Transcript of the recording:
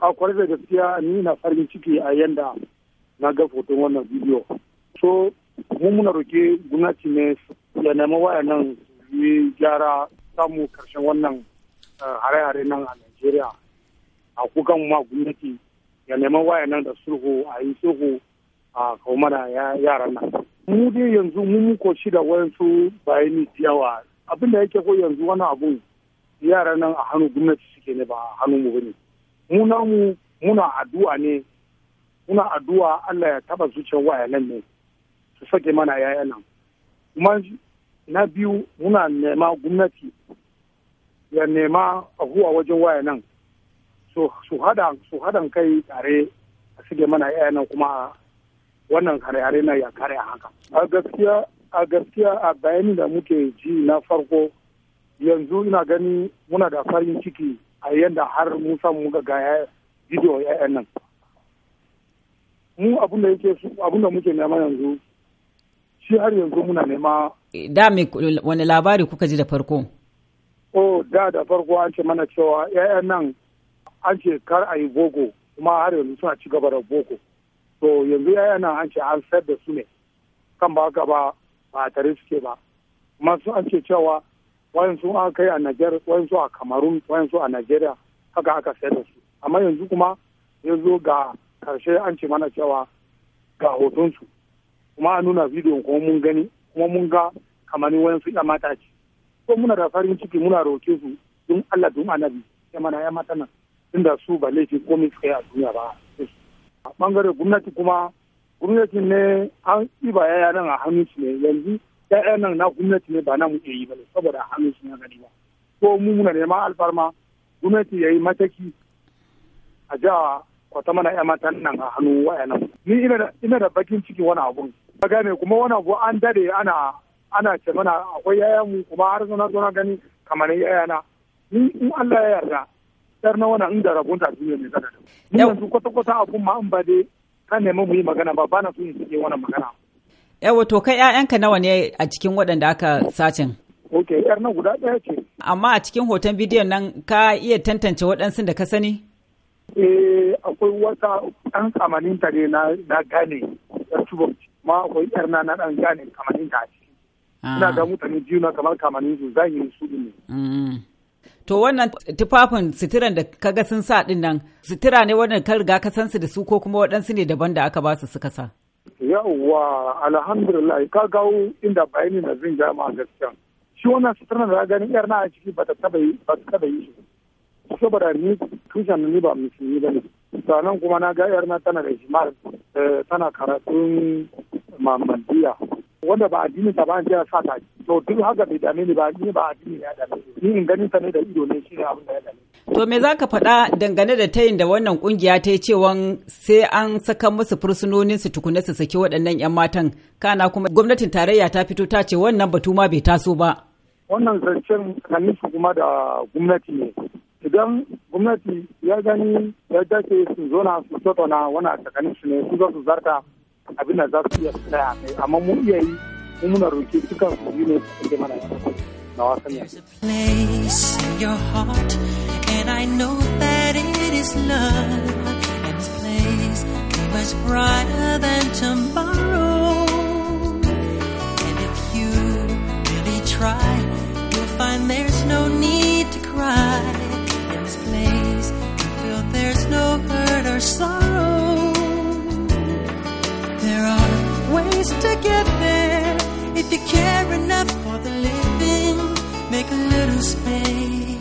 a da gaskiya ni na farin ciki a yanda na ga foton wannan bidiyo so mun muna roke gwamnati ne ya nema waya nan yi gyara samu karshen wannan eh, hare-hare nan a Najeriya a kukan ma gwamnati ya nema waya nan da sulhu a yi sulhu a kawo yaran nan. Mu dai yanzu mun muko shi da wayansu bayani yawa abin da yake ko yanzu wani abu yaran nan a hannu gwamnati suke ne ba a hannun mu mu namu muna addu'a ne muna addu'a Allah ya taba zuciyar wayanan ne su sake mana yayan nan kuma na biyu muna nema gwamnati ya nema ahuwa wajen wayanan su hada su hadan kai tare a sige mana yaya nan kuma wannan kare na ya kare haka a gaskiya a gaskiya a bayani da muke ji na farko yanzu ina gani muna da farin ciki a yadda har mu samu muka ga ya gido ya'yan nan mu abin da yake su muke nema yanzu shi har yanzu muna nema eh, da me wani labari kuka ji da farko oh da da farko an ce mana cewa ya'yan nan an ce kar ayi yi boko kuma har yanzu suna ci gaba da boko to yanzu ya'yan nan an ce an sayar da su ne kan ba gaba ba a tare suke ba masu su an ce cewa wayansu a kai a Niger wayansu a Cameroon wayansu a Nigeria haka aka sayar da su amma yanzu kuma ya zo ga karshe an ce mana cewa ga hotonsu kuma a nuna bidiyon kuma mun gani kuma mun ga kamani wayansu ya mata ce ko muna da farin ciki muna roke su dun Allah dun annabi ya mana ya mata nan tunda su ba laifi komai suka yi a duniya ba a bangare gwamnati kuma gwamnati ne an ɗiba yaya nan a hannun su ne yanzu ƴaƴan nan na gwamnati ne ba na muke yi ba saboda hannun su na gani ba ko mu muna neman alfarma gwamnati ya yi mataki a jawa kwata mana ƴan matan nan a hannu wayanan ni ina da bakin ciki wani abun ka gane kuma wani abu an dade ana ana ce mana akwai mu kuma har zona zona gani kamar yayana ni in Allah ya yarda yar na wannan inda rabon ta duniya ne zaka mun yanzu kwata kwata abun ma an ba dai kan neman mu yi magana ba bana so in cike wannan magana Yawa to kai ‘ya'yanka nawa ne a cikin waɗanda aka sacin? Ok, ‘yar nan guda ɗaya ce. Amma a cikin hoton bidiyon nan ka iya tantance waɗansu da ka sani? Eh, akwai wata ɗan kamanin ta ne na gane ɗan tubo, ma akwai ‘yar na na ɗan gane kamanin ta ce. Ah. Ina ga mutane biyu na kamar kamanin su zan yi su ne. Mm. To wannan tufafin sitiran da kaga sun sa ɗin nan, sitira ne wannan ka riga ka san su da su ko kuma waɗansu ne daban da aka ba su suka sa? yawwa alhamdulillah ka gawo inda bayani na zin jama gaskiya shi wannan suturan da ganin yar na a ciki ba ta taba yi ba ta taba yi saboda ni tushen ni ba musulmi ba ne sannan kuma na ga yar na tana da shimal eh, tana karatun mamadiya wanda ba addini ta ba an jiya sa ta to duk haka bai dame ni ba ni ba addini ya dame ni in ganin ta ne da ido ne shi ne abin da ya dame To me za ka faɗa dangane da tayin da wannan kungiya ta yi cewa sai an saka musu fursunonin su tukuna su saki waɗannan 'yan matan kana kuma gwamnatin tarayya ta fito ta ce wannan batu ma bai taso ba. Wannan zancen kanin kuma da gwamnati ne. Idan gwamnati ya gani ya dace su zona su tattauna wani a tsakanin su ne su zo su zarta abin da za su iya tsaya mai amma mu iya yi mu muna roƙi dukkan su yi ne su mana na wasan yanzu. and I know that it is love and this place be much brighter than tomorrow. And if you really try, you'll find there's no need to cry in this place. You feel there's no hurt or sorrow. There are ways to get there if you care enough for the living. Make a little space.